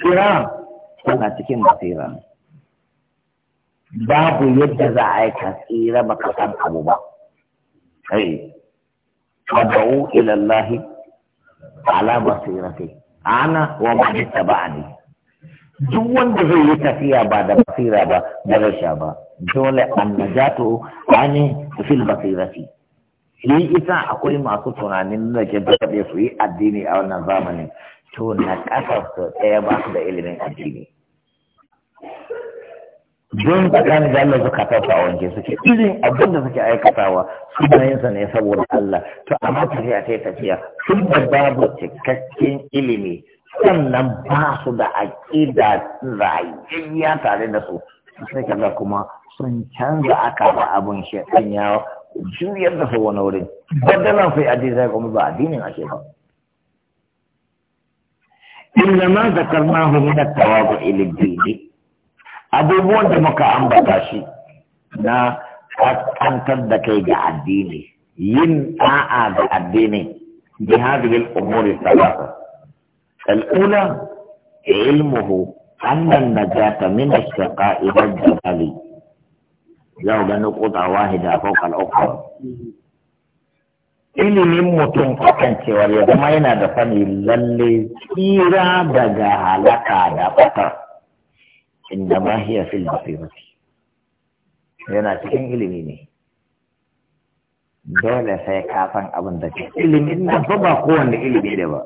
kira tana cikin basira babu yadda za a yi ka tsira baka san abu ba kai fad'u ila Allah ala basirati ana wa man tabani duk wanda zai yi tafiya ba da basira ba da rasha ba dole annajatu ani fil basirati ni ita akwai masu tunanin da ke da su yi addini a wannan zamanin to na ƙasa su ɗaya ba su da ilimin addini don tsakanin da Allah suka tafa a wanke suke irin abin da suke aikatawa suna yin sa ne saboda Allah to amma tafiya ta tafiya sun da babu cikakken ilimi sannan ba su da aƙida rayayya tare da su sai kaga kuma sun canza aka ba abin shekan yawa, juyar da su wani wurin baddalan sai addini sai kuma ba addinin ake ba inna ma zakarnahu min at-tawadhu ila abubuwan da muka ambata shi na kankantar da kai ga addini yin a'a ga addini bi hadhihi al-umur thalatha al-ula ilmuhu anna an-najata min ash-shaqa'i wal-jahali yau da nukuta wahida fawqa al-ukhra ilimin mutum cewa ya zama yana da sani lalle tsira daga halaka da ɓata inda ma hiya fil basirati yana cikin ilimi ne dole sai ka san abin da ke ilimin nan fa ba kowanne ilimi da ba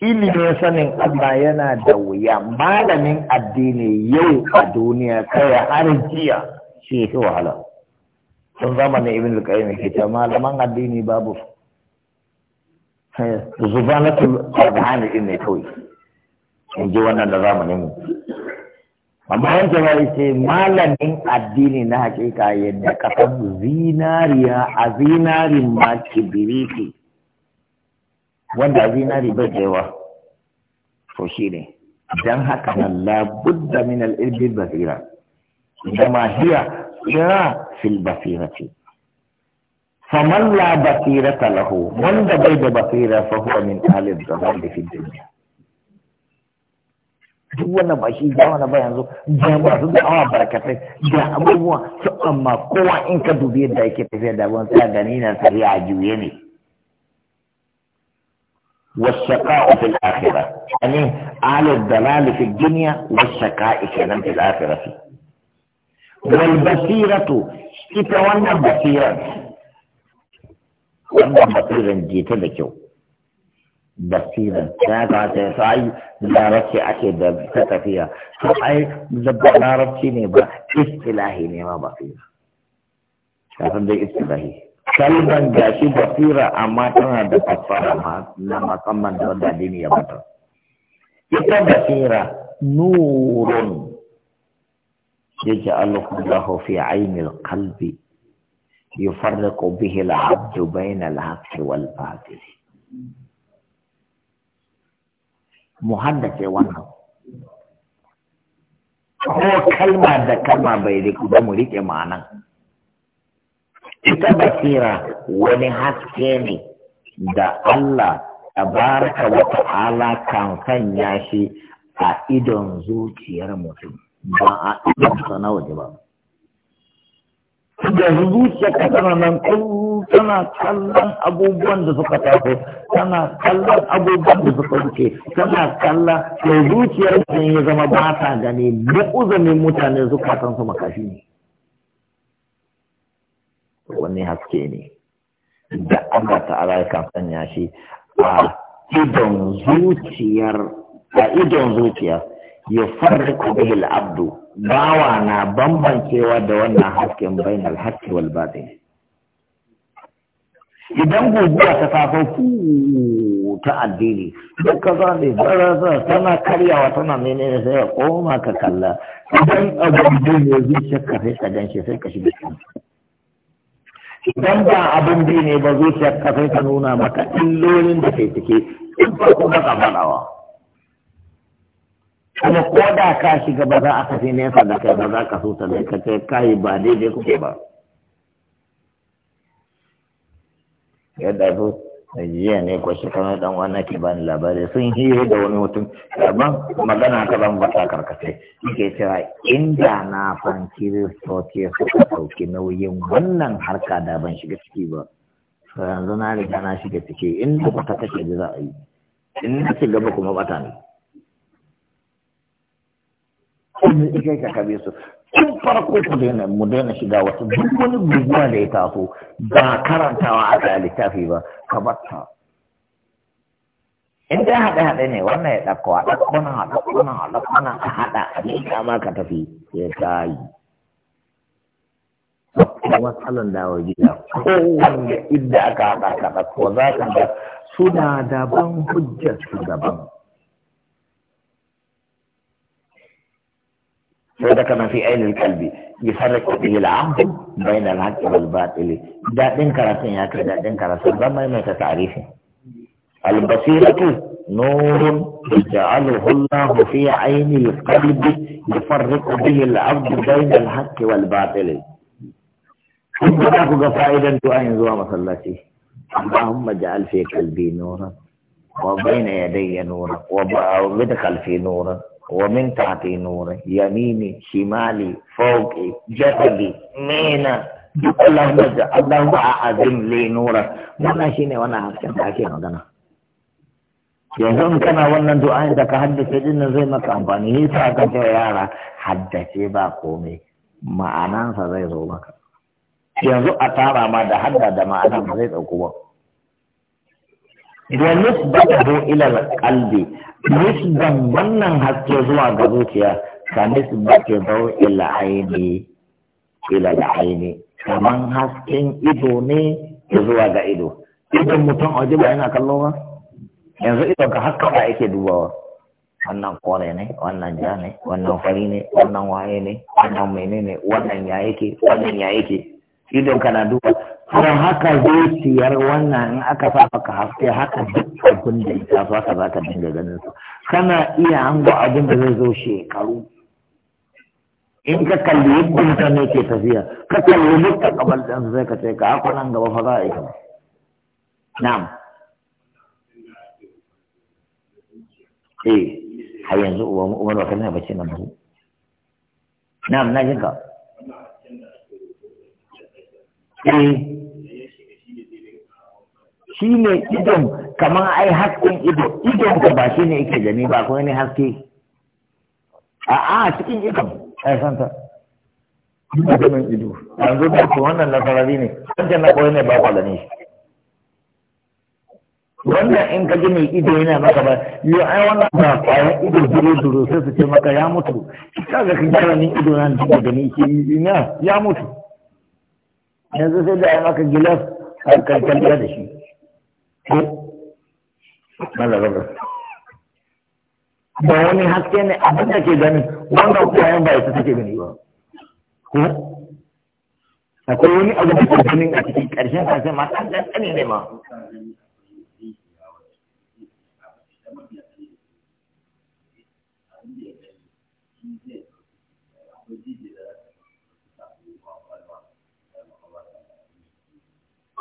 ilimin sanin Allah yana da wuya malamin addini yau a duniya kai har jiya shi wahala sun zamanin ibn al ke ta malaman addini babu zubanatul arhani ɗin ne kawai in ji wannan da zamanin mu amma wancan ya ce malamin addini na hakika yadda ka san zinariya a zinarin ma kibiriki wanda zinari bai da to shi ne Dan haka na labudda min al-ilmi basira dama hiya ya fil basirati فمن لا بصيرة له من بيد بصيرة فهو من أهل الضلال في الدنيا duk wannan ba shi ga wannan ba yanzu ga masu da'awa barkatai ga abubuwa su amma kowa in ka والشقاء في الآخرة يعني أهل الضلال في الدنيا والشقاء كلام في الآخرة والبصيرة إتوانا بصيرة wannan basiran je ta da kyau basiran ya ga ta ta ai larabci ake da ta tafiya to ai zabba larabci ne ba istilahi ne ma basira kafin dai istilahi kalban gashi basira amma tana da fassara ma na musamman da wanda dini ya bata ita basira nurun yake Allah fi ainil qalbi يفرق به العبد بين الحق والباطل محدث wannan ko kalma da kalma bai riku ba mu rike ma'anan ita basira wani haske ne da Allah tabaraka wa ta'ala kan sanya shi a idon zuciyar mutum ba a idon ba da zuciyarka tana nan tana kallon abubuwan da suka tafi tana kallon abubuwan da suka wuce tana kallon da zuciyar da yi zama ba ta gani da uzumin mutane suka san su makashi ne wani haske ne da Allah ta'ala kan sanya shi a idon zuciyar a idon zuciya ya farko bihil abdu bawa na bambancewa da wannan hasken bainal haqqi wal batil idan guguwa ta safo ku ta addini duk ka za ne barasa tana karyawa tana menene sai ka koma ka kalla idan abin da ne zuciya ka sai ka ganshi sai ka shiga cikin idan ba abin da ne ba zuciya ka sai ka nuna maka illolin da kai take in ba kuma ka faɗawa kuma ko da ka shiga ba za a tafi nesa da kai ba za ka so ta ka ce kai ba daidai kuke ba yadda zo jiya ne ko shekaru dan wannan ke bani labari sun hira da wani mutum daban magana ka ban ba karkace yake cewa inda na san kiristoci suka ɗauki nauyin wannan harka da ban shiga ciki ba yanzu na riga na shiga ciki inda ba ta kashe za a yi in na ci gaba kuma bata ne ko me ike ka kabe su tun farko ku daina mu daina shiga wata duk wani guguwa da ya taso ba karantawa a ga littafi ba ka batta in dai haɗe haɗe ne wannan ya ɗauko a ɗauko na a ɗauko nan a ɗauko nan a haɗa a miƙa ma ka tafi ya tayi matsalan dawo gida kowanne inda aka haɗa ka ɗauko za ka ga suna daban hujjar su daban فإذا كان في عين الكلب يفرق به العبد بين الحق والباطل دين كراسين يا كده دين كراسين لما ما تعريفه البصيرة نور جعله الله في عين القلب يفرق به العبد بين الحق والباطل ثم تاخذ فائدة دعاء زوا مصلاتي اللهم اجعل في قلبي نورا وبين يدي نورا وبدخل في نورا ومن تحت نور يميني شمالي فوقي جبلي مينا اللهم اللهم أعظم لي نورا وانا شيني وانا حسن هكذا مغنى yanzu in kana wannan du'a da ka haddace din nan zai maka amfani ne sa ka ce yara haddace ba komai ma'anansa zai zo maka yanzu a tara ma da hadda da ma'ana ba zai dauko ba da zo ila kalbi nisba wannan haske zuwa ga zuciya ka zo ila aini ila aini kaman hasken ido ne zuwa ga ido idan mutum a ba yana kallo ba yanzu idan ka haska ba yake dubawa wannan kore ne wannan ja ne wannan fari ne wannan waye ne wannan menene wannan ya yake wannan ya yake idan kana duba don haka zuciyar wannan in aka sa maka haske haka duk abin da ita su haka za ka dinga ganin su kana iya hango abin da zai zo shekaru in ka kalli yadda mutane ke tafiya ka kalli dukkan kabal ɗin sai ka ce ka haku nan gaba fa za a yi kama na'am eh har yanzu umar ba kana bace nan ba na'am na jinka Eh. shi ne idon kamar ai hasken ido idon ka ba shi ne ike gani ba kuma ne haske a a cikin idon ai santa maganin ido yanzu da ku wannan na sarari ne wancan na koyi ne ba kwa gani wannan in ka gini ido yana maka ba yi ai wannan ba kwayan ido duro duro sai su ce maka ya mutu kaga ka karamin ido nan da gani shi ina ya mutu yanzu sai da ya maka gilas a karkar da shi ba wani haske ne abin da ke gani wanda kwayan ba ita take gani ba akwai wani abu da ke ganin a cikin ƙarshen kasai ma ɗan ɗanɗani ne ma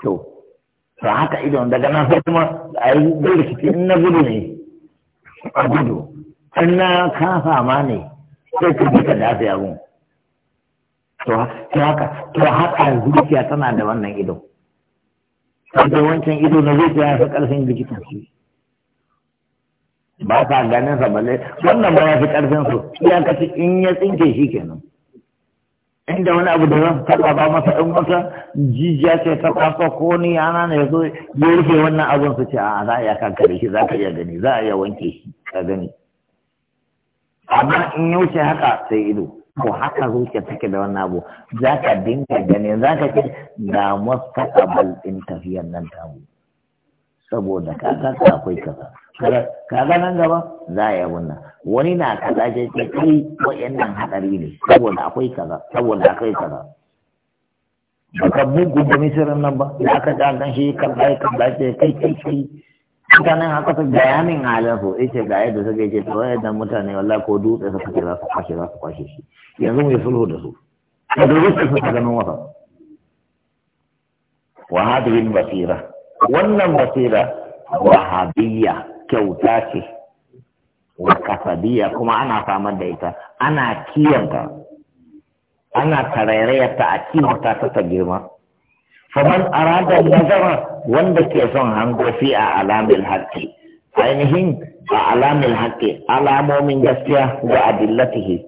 to to haka idon daga nan sai kuma a yi rikici in na gudu ne a gudu in na kafa ma ne sai ka ji ka dafe abun to haka to haka zuciya tana da wannan ido sai wancan ido na zuciya ya fi karfin likitan shi ba sa ganin sa balle wannan ba ya fi karfin su iyakaci in ya tsinke shi kenan inda wani abu da zan taba ba masa in wata jijiya ce ta kwasa ko ni yana ne zo ya rufe wannan abun su ce a za a iya kankare shi za ka iya gani za a iya wanke shi ka gani amma in ya wuce haka sai ido ko haka zuciya take da wannan abu za ka dinga gani za ka ce ga mustaqbal din tafiyar nan tabu saboda ka akwai kaza kaga nan gaba za a yi wannan wani na kaza je ke kai nan hadari ne saboda akwai kaza saboda akwai kaza baka bugu da misirin nan ba da aka ga dan shi kan dai kan dai ce kai kai kai mutanen haka su gaya min halin su ce ga yadda suka ce to yadda mutane wallahi ko dutse suka ce za su kwashe za su kwashe shi yanzu mu yi sulhu da su da su suka ganin wasa wa hadhihi basira wannan basira wahabiyya kyauta ce wa kasabiya kuma ana samar da ita ana kiyanta ana ta a kiyanta ta ta girma faman arada nazara wanda ke son hango fi a alamil haƙƙi ainihin a alamil haƙƙi alamomin gaskiya da adillatihi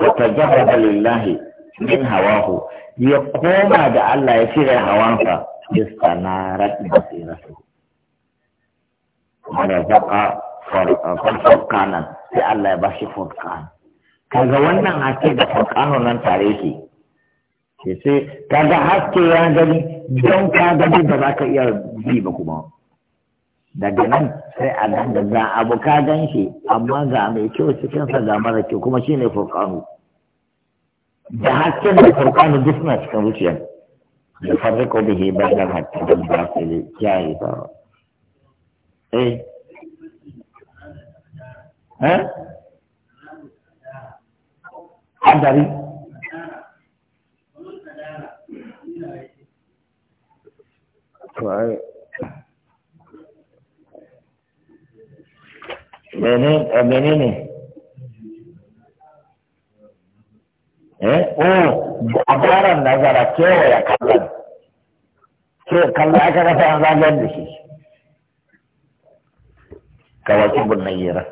da tajarraba lillahi min hawahu ya koma da Allah ya cire hawansa iska na raɗi basiratu razaka furkanan sai Allah ya ba shi furkan kaga wannan haske da furkanun nan tare shi ke sai kaga haske ya gani don ka gani da za ka iya bi ba kuma daga nan sai a nan da za abu ka gan shi amma ga mai kyau cikinsa ga mara kyau kuma shine furkanu da haske da furkanu duk suna cikin zuciya da farriko bihi bayan da ba su kiyaye ba eh eh hadari mene ne eh oh nazara kewaye kallon kawaki bunnayyira